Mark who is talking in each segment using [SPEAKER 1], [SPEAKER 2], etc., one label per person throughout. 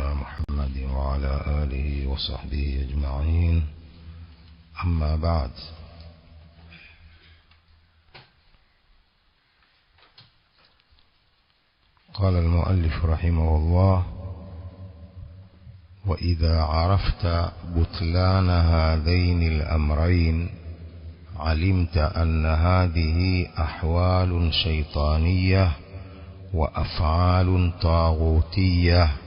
[SPEAKER 1] محمد وعلى آله وصحبه أجمعين أما بعد قال المؤلف رحمه الله وإذا عرفت بطلان هذين الأمرين علمت أن هذه أحوال شيطانية وأفعال طاغوتية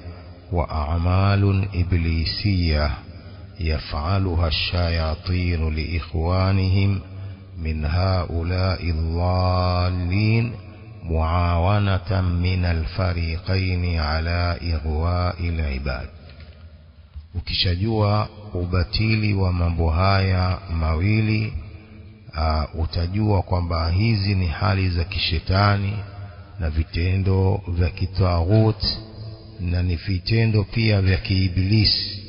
[SPEAKER 1] وأعمال إبليسية يفعلها الشياطين لإخوانهم من هؤلاء الضالين معاونة من الفريقين على إغواء العباد وكشجوا أبتيلي ومبهايا مويلي أتجوا قباهيزي نحالي زكي شتاني نفتندو زكي تاغوت na ni vitendo pia vya kiibilisi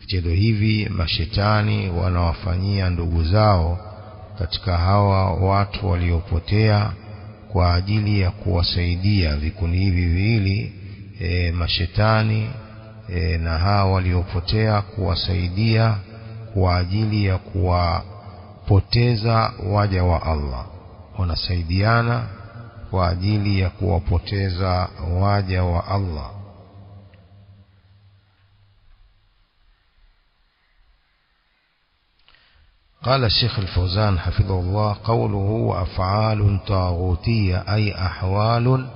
[SPEAKER 1] vitendo hivi mashetani wanawafanyia ndugu zao katika hawa watu waliopotea kwa ajili ya kuwasaidia vikundi hivi viwili e, mashetani e, na hawa waliopotea kuwasaidia kwa ajili ya kuwapoteza waja wa Allah wanasaidiana kwa ajili ya kuwapoteza waja wa Allah قال الشيخ الفوزان حفظه الله قوله وأفعال طاغوتية أي أحوال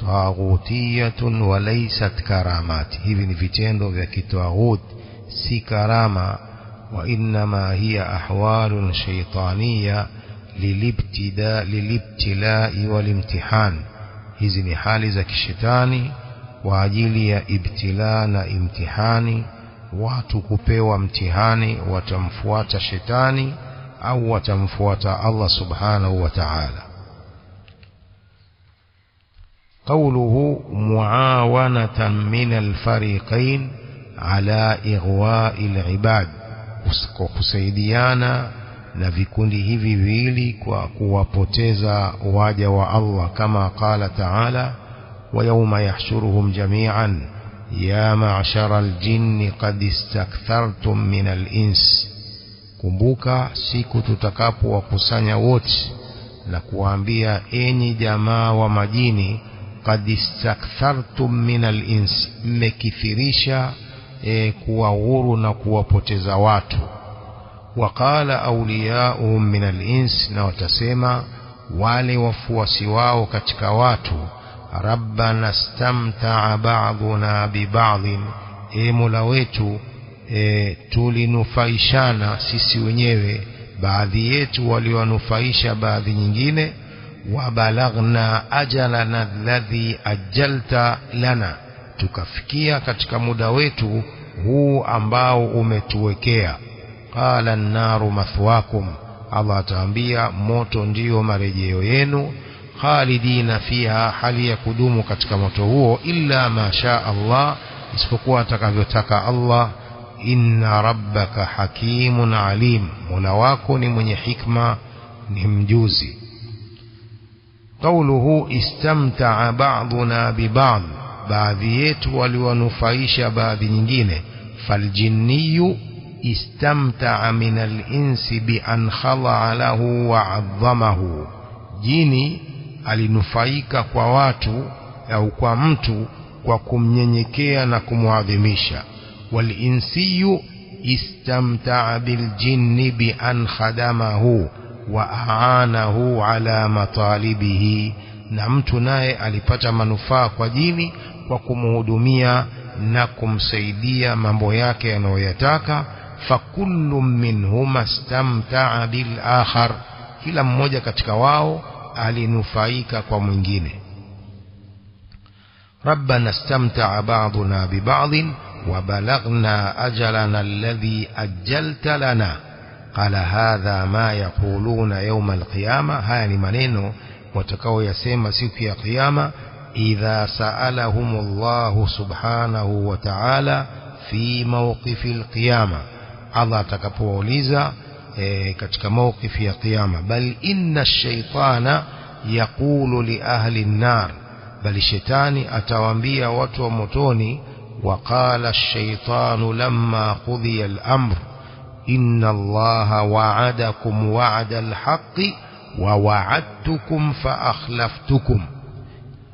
[SPEAKER 1] طاغوتية وليست كرامات hivi ni vitendo vya kitwaghut si karama وإنما هي أحوال شيطانية lilibtida lilibtilai walimtihan hizi ni hali za kishetani kwa ajili ya ibtila na imtihani watu kupewa mtihani watamfuata shetani au watamfuata Allah subhanahu wa ta'ala قوله معاونة من الفريقين على إغواء العباد kusaidiana na vikundi hivi viwili kwa kuwapoteza waja wa Allah kama qala ta'ala wa yawma yahshuruhum jami'an ya ma'shara al-jinni qad istakthartum min al-ins kumbuka siku tutakapowakusanya wote na kuwaambia enyi jamaa wa majini qad istakthartum min al-ins mmekithirisha e, kuwa huru na kuwapoteza watu waqala auliyaum min alins, na watasema wale wafuasi wao katika watu, rabbana stamtaa ba'duna bibadhin, e mola wetu e, tulinufaishana sisi wenyewe baadhi yetu waliwanufaisha baadhi nyingine. Wabalaghna ajalana alladhi ajalta lana, tukafikia katika muda wetu huu ambao umetuwekea qala an-naru mathwakum Allah ataambia moto ndiyo marejeo yenu khalidina fiha hali ya kudumu katika moto huo illa ma sha Allah isipokuwa atakavyotaka Allah inna rabbaka hakimun alim mola wako ni mwenye hikma ni mjuzi قوله استمتع بعضنا ببعض baadhi yetu waliwanufaisha baadhi nyingine faljinniyu استمتع من الإنس بأن خضع له وعظمه jini alinufaika kwa watu au kwa mtu kwa kumnyenyekea na kumwadhimisha walinsiyu istamtaa biljinni bian khadamahu wa aanahu ala matalibihi na mtu naye alipata manufaa kwa jini kwa kumhudumia na kumsaidia mambo yake anayoyataka فكل منهما استمتع بالآخر كلا مmoja katika wao alinufaika kwa mwingine ربنا استمتع بعضنا ببعض وبلغنا أجلنا الذي أجلت لنا قال هذا ما يقولون يوم القيامة هاي لمنينو وتكو يسيما سيكي قيامة إذا سألهم الله سبحانه وتعالى في موقف القيامة Allah atakapowauliza e, katika mawkifu ya kiyama bal inna shaitana yaqulu li ahli an-nar bali shetani atawaambia watu wa motoni waqala ash-shaytanu lamma qudhiya al-amr inna allaha wa'adakum wa'da al-haqqi wa wa'adtukum fa akhlaftukum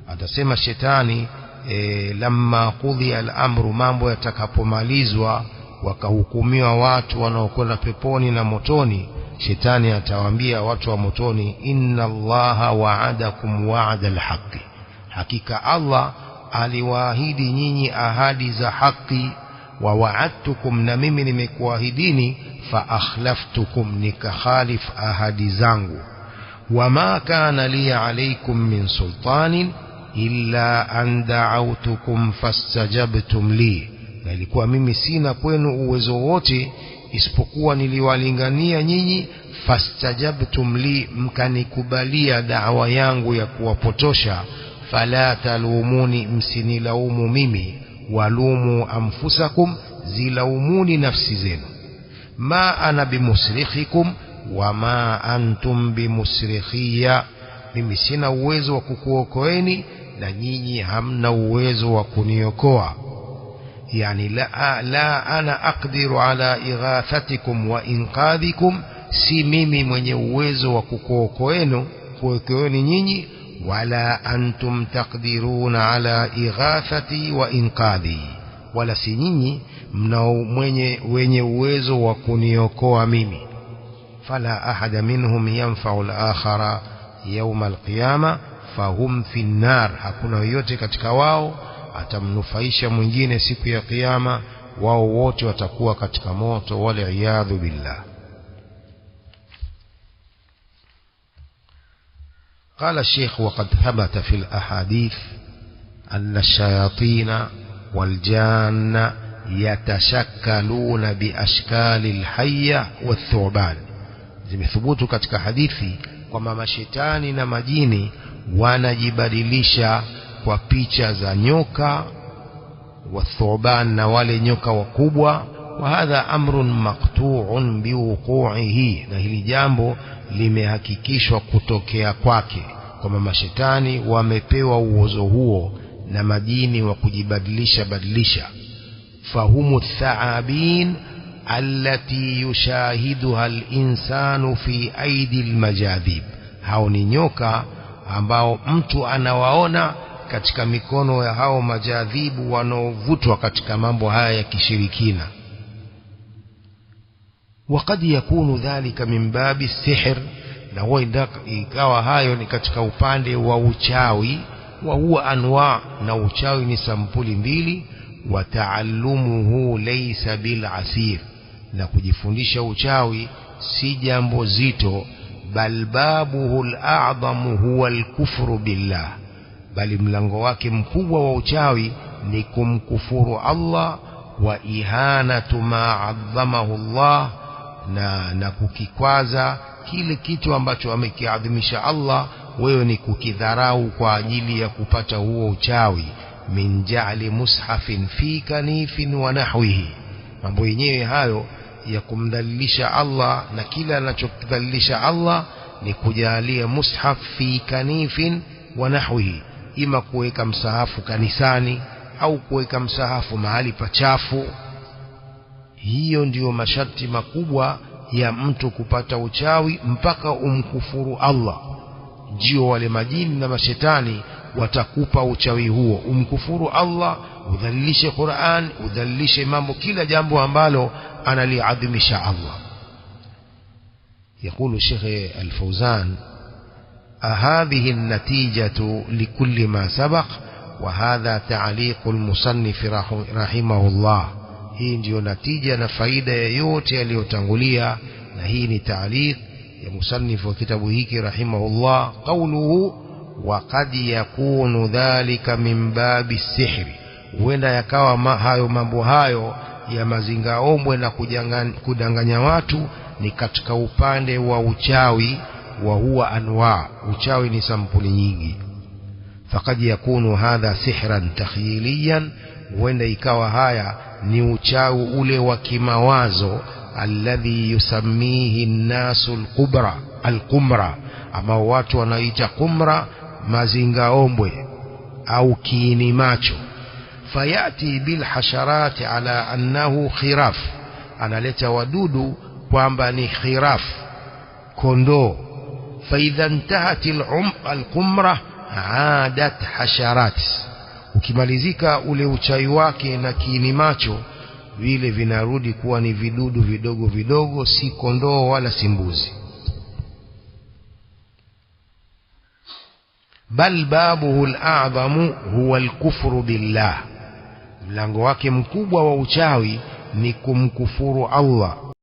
[SPEAKER 1] atasema shetani e, lamma qudhiya al-amru mambo yatakapomalizwa wakahukumiwa watu wanaokwenda peponi na motoni shetani atawaambia watu wa motoni inna allaha waadakum waada alhaqi hakika allah aliwaahidi nyinyi ahadi za haki wa waadtukum na mimi nimekuahidini fa akhlaftukum nikakhalif ahadi zangu wama kana liya alaikum min sultanin illa an daautukum fastajabtum lii na ilikuwa mimi sina kwenu uwezo wote isipokuwa niliwalingania nyinyi fastajabtum li mkanikubalia da'wa yangu ya kuwapotosha fala talumuni msinilaumu mimi walumu anfusakum zilaumuni nafsi zenu ma ana bimusrikhikum wama antum bimusrikhiya mimi sina uwezo wa kukuokoeni na nyinyi hamna uwezo wa kuniokoa يعني لا, لا أنا أقدر على إغاثتكم وإنقاذكم si mimi mwenye uwezo wa kukuokoenu kuokoeni nyinyi wala antum takdiruna ala ighathati wa inqadhi wala si nyinyi mnao mwenye wenye uwezo wa kuniokoa mimi fala ahada minhum yanfau al-akhara yawma al-qiyama fahum fi an-nar hakuna yoyote katika wao atamnufaisha mwingine siku ya kiyama wao wote watakuwa katika moto wale iyadhu billah قال الشيخ وقد ثبت في الأحاديث أن الشياطين والجان يتشكلون بأشكال الحية والثعبان زي كتك حديثي وما مشيتان نمجيني وانا جبدلشا kwa picha za nyoka wa thuban na wale nyoka wakubwa. Wa hadha amrun maqtuun biwuquihi, na hili jambo limehakikishwa kutokea kwake, kwamba mashetani wamepewa uozo huo na majini wa kujibadilisha badilisha. Fahumu thaabin allati yushahiduha linsanu fi aidi lmajadhib, hao ni nyoka ambao mtu anawaona katika mikono ya hao majadhibu wanaovutwa katika mambo haya ya kishirikina وقد yakunu dhalika min babi sihr na huwa ikawa hayo ni katika upande wa uchawi wa huwa anwa na uchawi ni sampuli mbili wa taallumuhu laysa bil asir na kujifundisha uchawi si jambo zito bal babuhu al huwa al kufru billah bali mlango wake mkubwa wa uchawi ni kumkufuru Allah wa ihanatu ma adhamahu Allah na, na kukikwaza kile kitu ambacho amekiadhimisha Allah wewe ni kukidharau kwa ajili ya kupata huo uchawi min ja'li mushafin fi kanifin wa nahwihi mambo yenyewe hayo ya kumdhalilisha Allah na kila anachokidhalilisha Allah ni kujalia mushaf fi kanifin wa nahwihi ima kuweka msahafu kanisani au kuweka msahafu mahali pachafu. Hiyo ndiyo masharti makubwa ya mtu kupata uchawi mpaka umkufuru Allah. jio wale majini na mashetani watakupa uchawi huo, umkufuru Allah, udhalilishe Qur'an, udhalilishe mambo, kila jambo ambalo analiadhimisha Allah. Yakulu Sheikh الفوزان هذه النتيجة لكل ما سبق وهذا تعليق المصنف رحمه الله hii ndiyo natija na faida ya yote yaliyotangulia na hii ni taaliq ya musannif wa kitabu hiki rahimahu rahimahullah qauluhu وقد yakunu dhalika من باب السحر huenda yakawa hayo mambo hayo ya mazinga ombwe na kudanganya watu ni katika upande wa uchawi wa huwa anwa uchawi ni sampuli nyingi faqad yakunu hadha sihran takhyiliyan huenda ikawa haya ni uchawi ule wa kimawazo alladhi yusammihi nnasu alqubra alqumra ambao watu wanaita qumra mazingaombwe au kiini macho fayati bilhasharati ala annahu khiraf analeta wadudu kwamba ni khiraf kondoo faidha ntahat alqumra adat hasharat, ukimalizika ule uchai wake na kiini macho vile vinarudi kuwa ni vidudu vidogo vidogo, si kondoo wala si mbuzi. Bal babuhu ladhamu huwa al billah, mlango wake mkubwa wa uchawi ni kumkufuru Allah.